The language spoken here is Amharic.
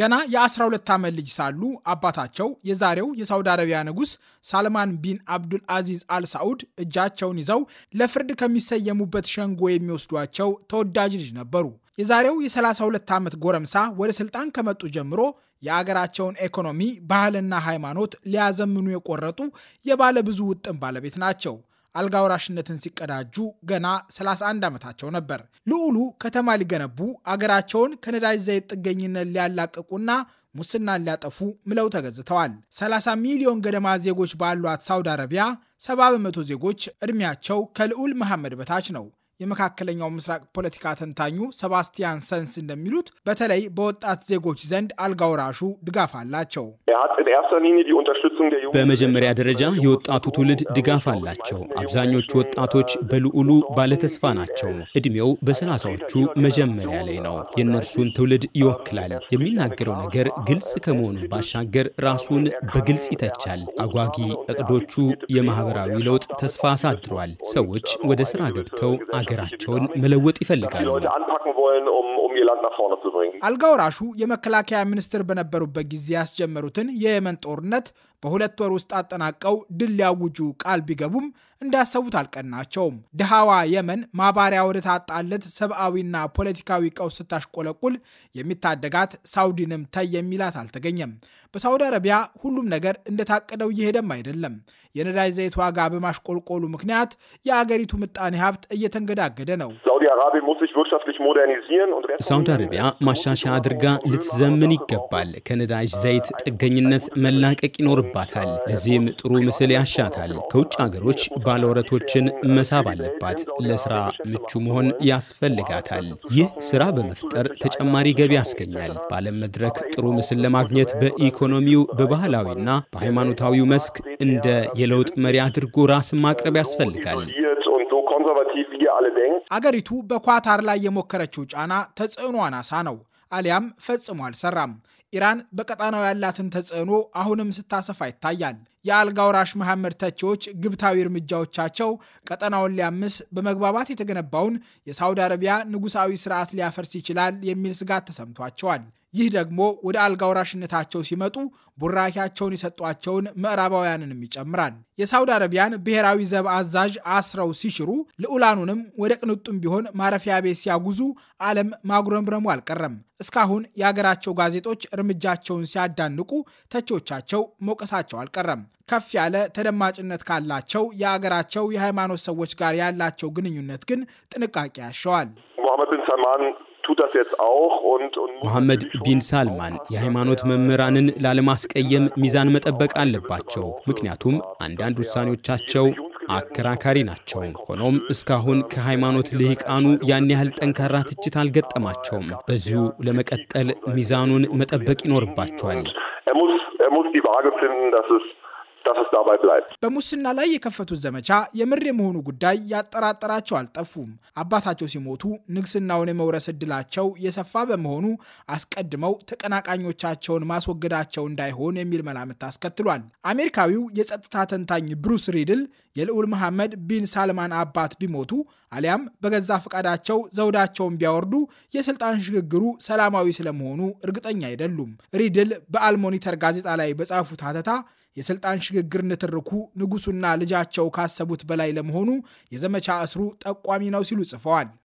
ገና የ12 ዓመት ልጅ ሳሉ አባታቸው የዛሬው የሳውዲ አረቢያ ንጉሥ ሳልማን ቢን አብዱል አዚዝ አልሳዑድ እጃቸውን ይዘው ለፍርድ ከሚሰየሙበት ሸንጎ የሚወስዷቸው ተወዳጅ ልጅ ነበሩ። የዛሬው የ32 ዓመት ጎረምሳ ወደ ሥልጣን ከመጡ ጀምሮ የአገራቸውን ኢኮኖሚ ባህልና ሃይማኖት ሊያዘምኑ የቆረጡ የባለ ብዙ ውጥን ባለቤት ናቸው። አልጋ ወራሽነትን ሲቀዳጁ ገና 31 ዓመታቸው ነበር። ልዑሉ ከተማ ሊገነቡ አገራቸውን ከነዳጅ ዘይት ጥገኝነት ሊያላቅቁና ሙስናን ሊያጠፉ ምለው ተገዝተዋል። 30 ሚሊዮን ገደማ ዜጎች ባሏት ሳውዲ አረቢያ 70 በመቶ ዜጎች ዕድሜያቸው ከልዑል መሐመድ በታች ነው። የመካከለኛው ምስራቅ ፖለቲካ ተንታኙ ሰባስቲያን ሰንስ እንደሚሉት በተለይ በወጣት ዜጎች ዘንድ አልጋውራሹ ድጋፍ አላቸው። በመጀመሪያ ደረጃ የወጣቱ ትውልድ ድጋፍ አላቸው። አብዛኞቹ ወጣቶች በልዑሉ ባለተስፋ ናቸው። እድሜው በሰላሳዎቹ መጀመሪያ ላይ ነው። የእነርሱን ትውልድ ይወክላል። የሚናገረው ነገር ግልጽ ከመሆኑ ባሻገር ራሱን በግልጽ ይተቻል። አጓጊ እቅዶቹ የማህበራዊ ለውጥ ተስፋ አሳድሯል። ሰዎች ወደ ስራ ገብተው ሀገራቸውን መለወጥ ይፈልጋሉ። አልጋ ወራሹ የመከላከያ ሚኒስትር በነበሩበት ጊዜ ያስጀመሩትን የየመን ጦርነት በሁለት ወር ውስጥ አጠናቀው ድል ሊያውጁ ቃል ቢገቡም እንዳሰቡት አልቀናቸውም። ድሃዋ የመን ማባሪያ ወደ ታጣለት ሰብአዊና ፖለቲካዊ ቀውስ ስታሽቆለቁል የሚታደጋት ሳውዲንም ተይ የሚላት አልተገኘም። በሳውዲ አረቢያ ሁሉም ነገር እንደታቀደው እየሄደም አይደለም። የነዳጅ ዘይት ዋጋ በማሽቆልቆሉ ምክንያት የአገሪቱ ምጣኔ ሀብት እየተንገዳገደ ነው። ሳውዲ አረቢያ ማሻሻያ አድርጋ ልትዘምን ይገባል። ከነዳጅ ዘይት ጥገኝነት መላቀቅ ይኖርባታል። ለዚህም ጥሩ ምስል ያሻታል። ከውጭ አገሮች ባለወረቶችን መሳብ አለባት። ለስራ ምቹ መሆን ያስፈልጋታል። ይህ ስራ በመፍጠር ተጨማሪ ገቢ ያስገኛል። በዓለም መድረክ ጥሩ ምስል ለማግኘት በኢኮኖሚው፣ በባህላዊና በሃይማኖታዊው መስክ እንደ የለውጥ መሪ አድርጎ ራስን ማቅረብ ያስፈልጋል። አገሪቱ በኳታር ላይ የሞከረችው ጫና ተጽዕኖ አናሳ ነው፣ አሊያም ፈጽሞ አልሰራም። ኢራን በቀጣናው ያላትን ተጽዕኖ አሁንም ስታሰፋ ይታያል። የአልጋውራሽ መሐመድ ተቺዎች ግብታዊ እርምጃዎቻቸው ቀጠናውን ሊያምስ በመግባባት የተገነባውን የሳውዲ አረቢያ ንጉሳዊ ስርዓት ሊያፈርስ ይችላል የሚል ስጋት ተሰምቷቸዋል። ይህ ደግሞ ወደ አልጋ ወራሽነታቸው ሲመጡ ቡራኪያቸውን የሰጧቸውን ምዕራባውያንንም ይጨምራል። የሳውዲ አረቢያን ብሔራዊ ዘብ አዛዥ አስረው ሲሽሩ ልዑላኑንም ወደ ቅንጡም ቢሆን ማረፊያ ቤት ሲያጉዙ ዓለም ማጉረምረሙ አልቀረም። እስካሁን የአገራቸው ጋዜጦች እርምጃቸውን ሲያዳንቁ፣ ተቾቻቸው መውቀሳቸው አልቀረም። ከፍ ያለ ተደማጭነት ካላቸው የአገራቸው የሃይማኖት ሰዎች ጋር ያላቸው ግንኙነት ግን ጥንቃቄ ያሻዋል። መሐመድ ቢን ሳልማን የሃይማኖት መምህራንን ላለማስቀየም ሚዛን መጠበቅ አለባቸው። ምክንያቱም አንዳንድ ውሳኔዎቻቸው አከራካሪ ናቸው። ሆኖም እስካሁን ከሃይማኖት ልሂቃኑ ያን ያህል ጠንካራ ትችት አልገጠማቸውም። በዚሁ ለመቀጠል ሚዛኑን መጠበቅ ይኖርባቸዋል። dass es dabei bleibt። በሙስና ላይ የከፈቱት ዘመቻ የምር የመሆኑ ጉዳይ ያጠራጠራቸው አልጠፉም። አባታቸው ሲሞቱ ንግስናውን የመውረስ እድላቸው የሰፋ በመሆኑ አስቀድመው ተቀናቃኞቻቸውን ማስወገዳቸው እንዳይሆን የሚል መላምት አስከትሏል። አሜሪካዊው የጸጥታ ተንታኝ ብሩስ ሪድል የልዑል መሐመድ ቢን ሳልማን አባት ቢሞቱ አሊያም በገዛ ፈቃዳቸው ዘውዳቸውን ቢያወርዱ የስልጣን ሽግግሩ ሰላማዊ ስለመሆኑ እርግጠኛ አይደሉም። ሪድል በአልሞኒተር ጋዜጣ ላይ በጻፉት ሀተታ የስልጣን ሽግግር ንትርኩ ንጉሱና ልጃቸው ካሰቡት በላይ ለመሆኑ የዘመቻ እስሩ ጠቋሚ ነው ሲሉ ጽፈዋል።